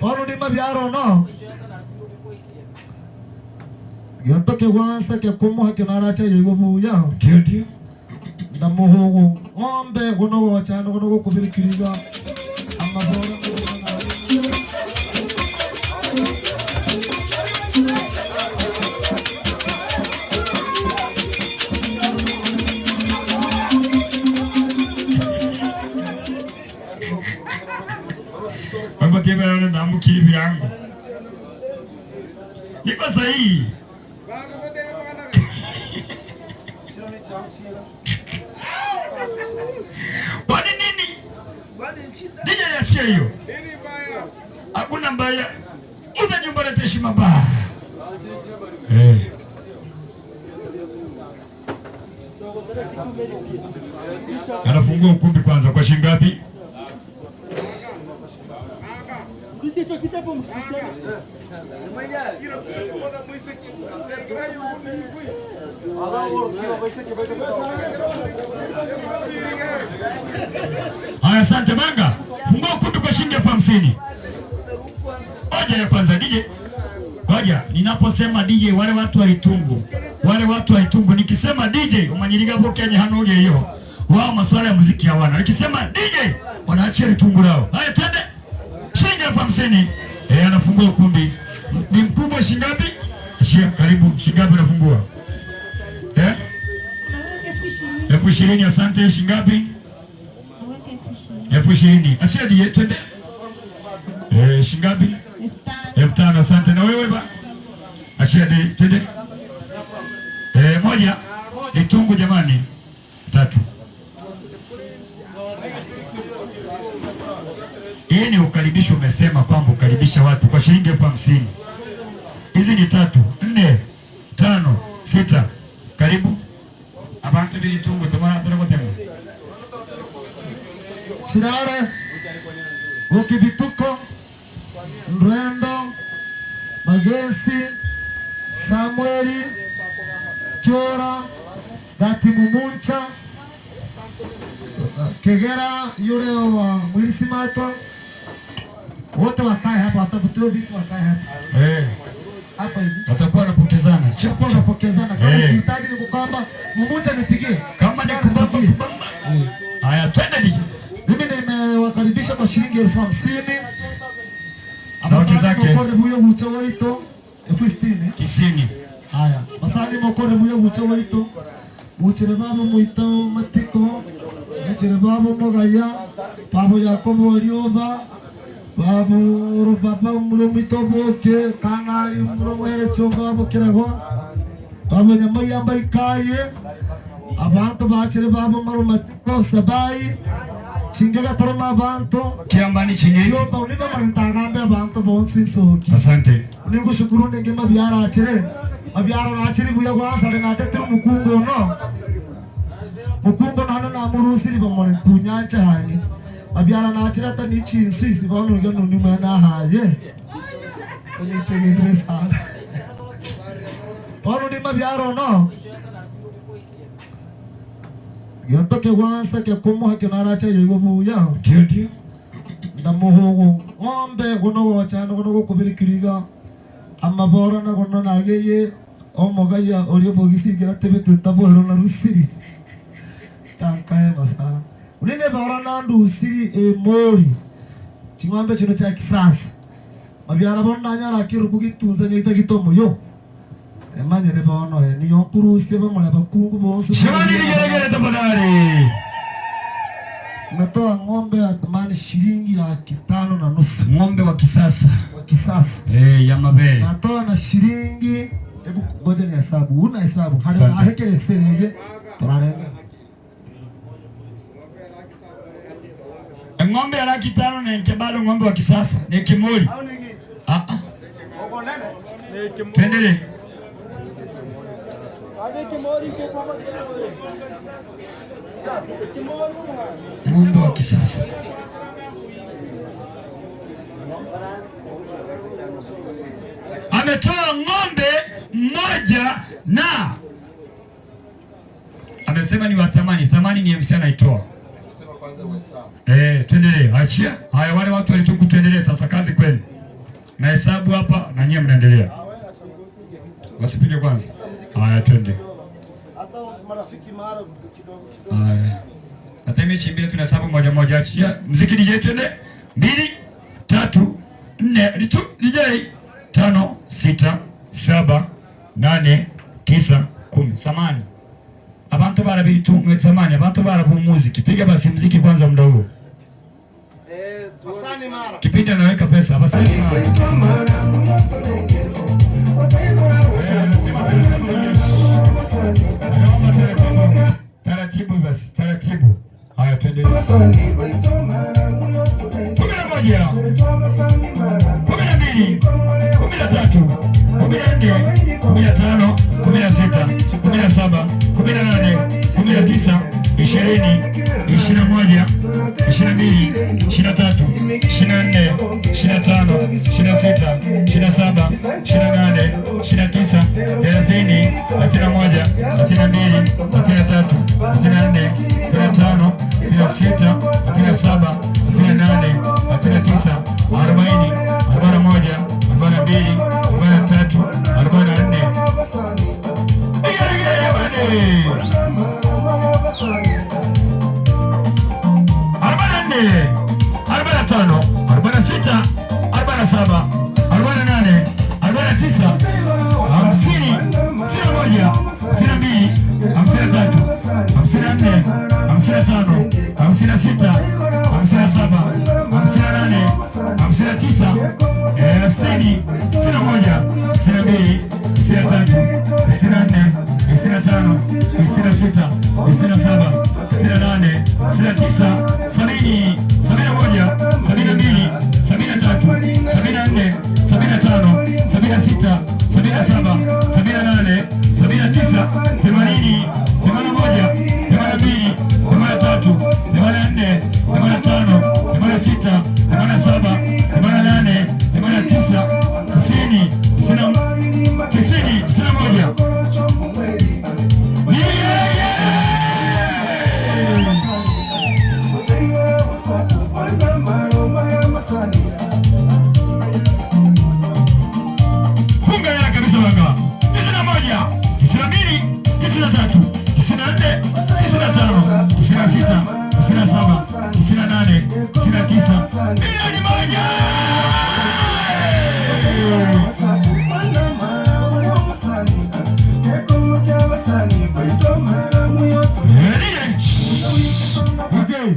Paulo ndima byaro no gionto kigwansa kia kumuha kinaracha yeguvuya ndio ndio na muhugu ng'ombe guno wochano guno gukubirikiriza bateberana namukira ibirango niba sahihi wani nini dini liachia hiyo, hakuna mbaya, uza nyumba leta heshima mbaya eh. Anafungua ukumbi kwanza kwa shingapi? Haya, asante Banga, fungua ukumbi kwa shilingi elfu hamsini. Oja ya kwanza DJ. Oja, ninaposema DJ wale watu wa Itungu, wale watu wa Itungu nikisema DJ umanyiriga Kenya hano hiyo. Wao masuala ya muziki hawana. Nikisema DJ wanaacha Itungu lao. Haya, twende. Shilingi elfu hamsini eh, anafungua ukumbi. Ni mkubwa shingabi Shia karibu shingapi anafungua? Eh? Elfu ishirini. Asante. Shingapi? Elfu ishirini. Acha die twende. Eh, shingapi? Elfu tano. Asante. Na wewe ba? Acha twende. Eh, moja. Itungu jamani. Tatu. Hii ni yaani ukaribishi, umesema kwamba ukaribisha watu kwa shilingi elfu hamsini. Hizi ni tatu, nne, tano, sita. Karibu abantu bilitungu tomaatarakotem sirare ukivituko mrendo magesi Samueli Kyora Dati Mumuncha Kegera yule wote wakae hapa, watavutiwa vitu wakae hapa eh, Hapa hivi watakuwa wanapokezana chapo, wanapokezana kama hey. Eh. Mtaji ni kukamba, mmoja nipigie kama ni kubamba kubamba. Haya, twende biji. Mimi nimewakaribisha kwa shilingi elfu hamsini abaki zake huyo mchowa ito elfu sitini kisini. Haya, masani mokore huyo mchowa ito muchere babo muitao matiko muchere babo mogaya babo yakobo lioba বাবুর বাবা উমরুমিত বোকে কানার উমরুমের চোখা বকিরাগো কামে গম্বাই আম্বাই কায়ে abantu bakiri babo marumati bose bayi chingega taruma abantu kiambani chinyingi yomba uniba marintagambe abantu bonsi soki asante nigushukuru ningima byara akire abyara nakiri buya gwasare natetira umukungu no mukungu nano namurusiri bamure kunyanja hangi abiara na ta nsi si abyara nakirata n'iki insizi banurya n'unyuma nahaye nitegeere sara onulima byarono yontoke wansa kyekumuha kinaracha yeiwovuya ndio ndio ndamuhugu ng'ombe guno wochana guno gukubirikiriga amavora na guno nageye omogaya orio bogisigira tebe twitabuhero na na ye ga rusiri ma masana unene bara nandu usiri e mori ching'ombe chino cha kisasa mabyara bono nanyara kiru kugitunza nyaita kitomo yo emanyene bono e niyo kurusie bamore abakungu bonse shimani ligeregere tafadhali natoa ng'ombe wa thamani shilingi laki tano na nusu ng'ombe wa kisasa wa kisasa eh ya mabele natoa na shilingi hebu ngoja ni hesabu una hesabu hadi ahekeleseleje eh, tunarenga ng'ombe laki tano na nke bado ng'ombe wa kisasa ni kimuri. Ah ah. Ng'ombe wa kisasa. Ametoa ng'ombe mmoja na amesema ni wa thamani. Thamani ni msi anaitoa Eh, tuendelee. Achia. Haya, wale watu walituku, tuendelee sasa kazi kweli. Na hesabu hapa na nyie mnaendelea. Wasipige kwanza. Haya, twende. Hata marafiki mara kidogo Hata mimi chimbia tunahesabu moja moja. Achia. Mziki DJ twende. Mbili, tatu, nne, litu, DJ. Tano, sita, saba, nane, tisa, kumi. Samani abantu bara bitu samani abantu bara bu muziki piga basi muziki kwanza muda huo eh, kipindi anaweka pesa basani taratibu basi taratibu haya twende kumi na moja kumi na mbili kumi na tatu kumi na nne kumi na tano kumi na sita kumi na saba kumi na nane kumi na tisa, ishirini, ishirini na moja, ishirini na mbili, ishirini na tatu, ishirini na nne, ishirini na tano, ishirini na sita, ishirini na saba, ishirini na nane, ishirini na tisa, thelathini, thelathini na moja, thelathini na mbili, thelathini na tatu, thelathini na nne, thelathini na tano, thelathini na sita tano, hamsini na sita, hamsini na saba, hamsini na nane, hamsini na tisa, eh, sitini, sitini na moja, sitini na mbili, sitini na tatu, sitini na nne, sitini na tano, sitini na sita, sitini na saba, sitini na nane, sitini na tisa, sabini, sabini na moja, sabini na mbili, sabini na tatu, sabini na nne, sabini na tano, sabini na sita, sabini na saba up.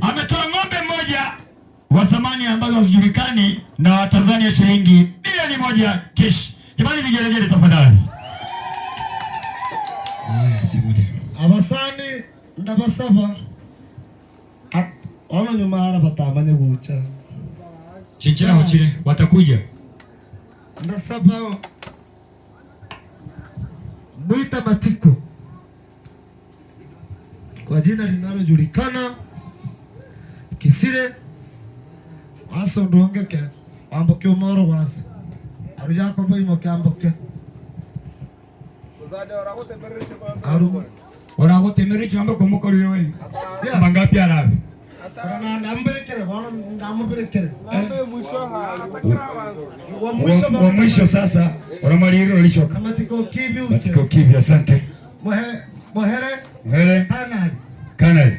ametoa ng'ombe mmoja wa thamani ambazo hazijulikani na Tanzania shilingi bilioni moja kesh. Jamani, vigelegele tafadhali. abasani ndabasaba ono nyuma hara batamanya guca chinchira hukire watakuja ndasaba mwita matiko kwa jina linalojulikana kisire wasoda ndongeke wambuke umoro wase aru jako boimoke ambuke oragotemerecho ambuke komukori we mangapi arabe wa mwisho sasa ora oramarire orishoka matiko kibi asante mohere mohere muhere kanari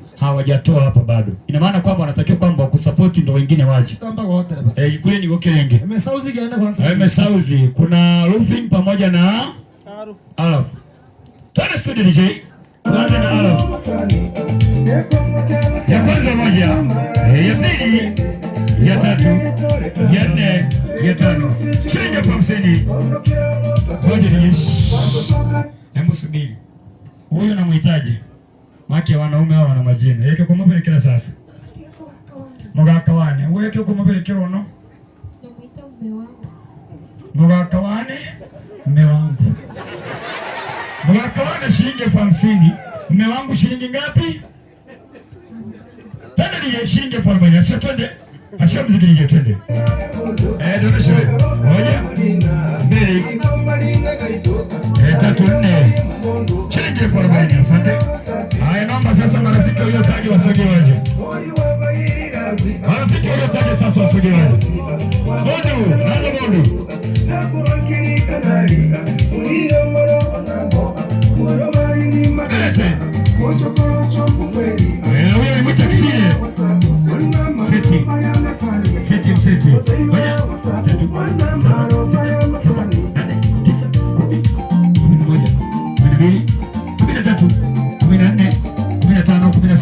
hawajatoa hapa bado, ina maana kwamba wanatakiwa kwamba wakusapoti ndo wengine waje Eh, kweni kule. kwanza. Eh, Emesauzi kuna roofing pamoja na alaf tana studio DJ tuanze na alaf ya kwanza moja Eh, ya pili ya tatu ya nne ya tano chenja hamsini moja ni yeshi. Hebu subiri Huyo namhitaji make wanaume hao wana majina yeke kumuberekera sasa mugaka wane weke kumuberekera uno mugaka wane mme wangu mugaka wane shilingi elfu hamsini mme wangu shilingi ngapi tena ni shilingi elfu arobaini sasa twende Acha mziki nije twende. Eh, twende shule. Moja, mbili, eh, tatu, nne. Shilingi elfu arobaini. Asante. Haya, naomba sasa marafiki huyo taji wasogee waje. Marafiki huyo taji sasa wasogee waje. Bondu, nalo bondu.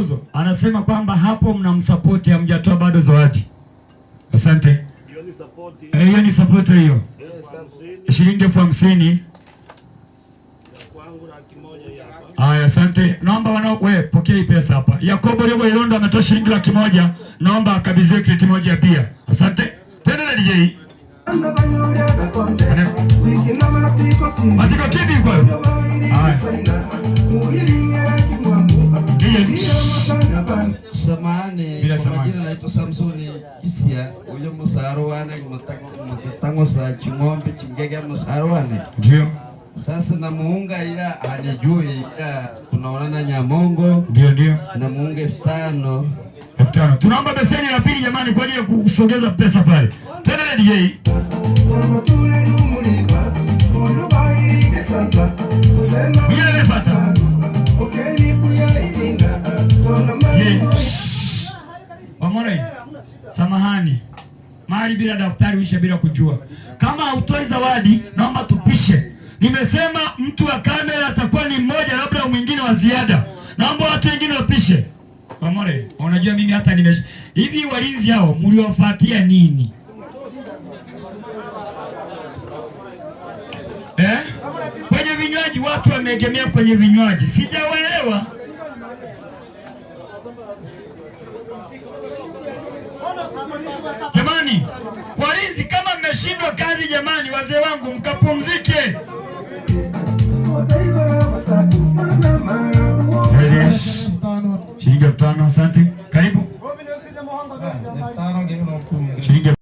mauzo, anasema kwamba hapo mna mnamsapoti, hamjatoa bado zawadi. Asante, hiyo ni sapoti hiyo, shilingi elfu hamsini. Aya, asante. Naomba wanawe pokea hii pesa hapa. Yakobo Lebo Ilondo ametoa shilingi laki moja, naomba akabidhiwe kreti moja pia. Asante tena na DJ matiko kibi kwa Samahani, kwa majina naitwa Samsoni Kisia uyo musaruwane mtatangosa ching'ombe chingege musaruwane. Ndio. Sasa namuunga ila anijui ila tunaonana Nyamongo. Ndio, ndio. Namuunga elfu tano. Elfu tano. Tunaomba beseni la pili jamani kwa ajili ya kusogeza pesa pale. Twende DJ. Hey. Wamore, samahani, mahali bila daftari uishe bila kujua. Kama hautoi zawadi, naomba tupishe. Nimesema mtu wa kamera atakuwa ni mmoja, labda mwingine wa ziada. Naomba watu wengine wapishe. Wamore, unajua mimi hata nime hivi, walinzi hao mliowafuatia nini eh? Kwenye vinywaji, watu wameegemea kwenye vinywaji, sijawaelewa. Jamani walinzi, kama mmeshindwa kazi, jamani wazee wangu, mkapumzike. Shilingi elfu tano. Asante, karibu.